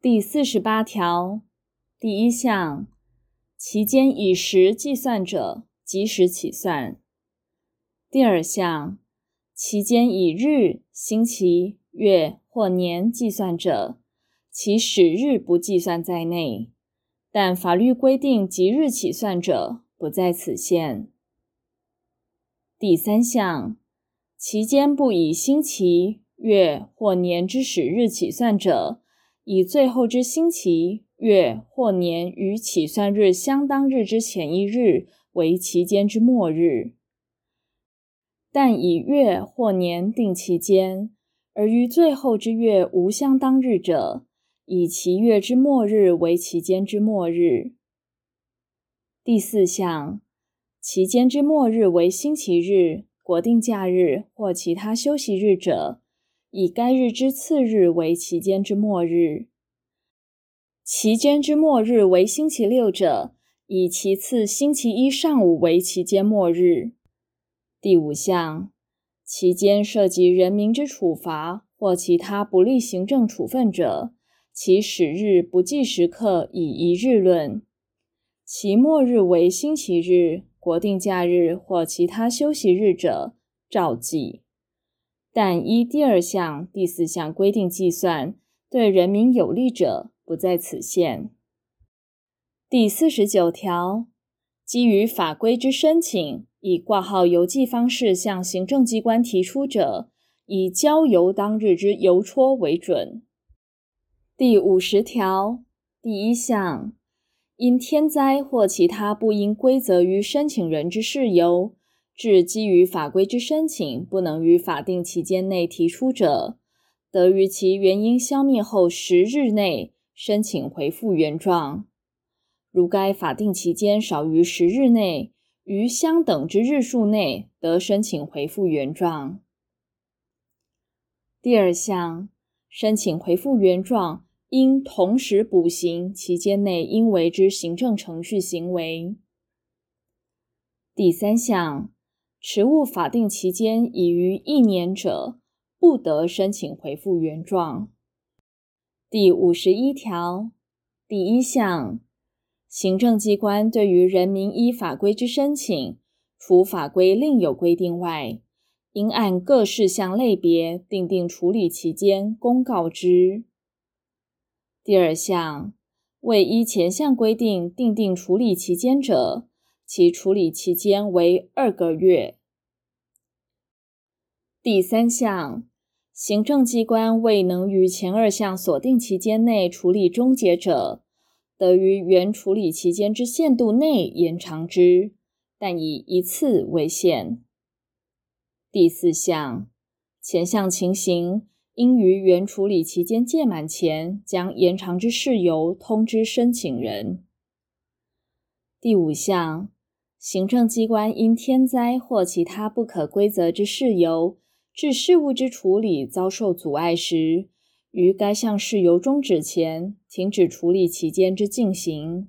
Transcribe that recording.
第四十八條，第一項，期間以時計算者，即時起算；第二項，期間以日、星期、月或年計算者，其始日不計算在內，但法律規定即日起算者，不在此限；第三項，期間不以星期、月或年之始日起算者。以最後之星期、月或年與起算日相當日之前一日為期間之末日。但以月或年定期間，而於最後之月無相當日者，以其月之末日為期間之末日。第四項，期間之末日為星期日、國定假日或其他休息日者，以該日之次日為期間之末日。期間之末日為星期六者，以其次星期一上午為期間末日。第五項，期間涉及人民之處罰或其他不利行政處分者，其始日不計時刻，以一日論。其末日為星期日、國定假日或其他休息日者，照計。但依第二項、第四項規定計算，對人民有利者不在此限。第四十九條，基於法規之申請，以掛號郵寄方式向行政機關提出者，以交郵當日之郵戳為準。第五十條第一項，因天災或其他不應歸責於申請人之事由。致基於法規之申請，不能於法定期間內提出者，得於其原因消滅後十日內申請回復原狀；如該法定期間少於十日內，於相等之日數內得申請回復原狀。第二項，申請回復原狀應同時補行期間內應為之行政程序行為。第三項。遲誤法定期間已逾一年者，不得申請回復原狀。第五十一條第一項，行政機關對於人民依法規之申請，除法規另有規定外，應按各事項類別訂定處理期間公告之。第二項，未依前項規定訂定處理期間者，其處理期間為二個月。第三項，行政機關未能於前二項所定期間內處理終結者，得於原處理期間之限度內延長之，但以一次為限。第四項，前項情形應於原處理期間屆滿前，將延長之事由通知申請人。第五項。行政機關因天災或其他不可歸責之事由，致事務之處理遭受阻礙時，於該項事由終止前，停止處理期間之進行。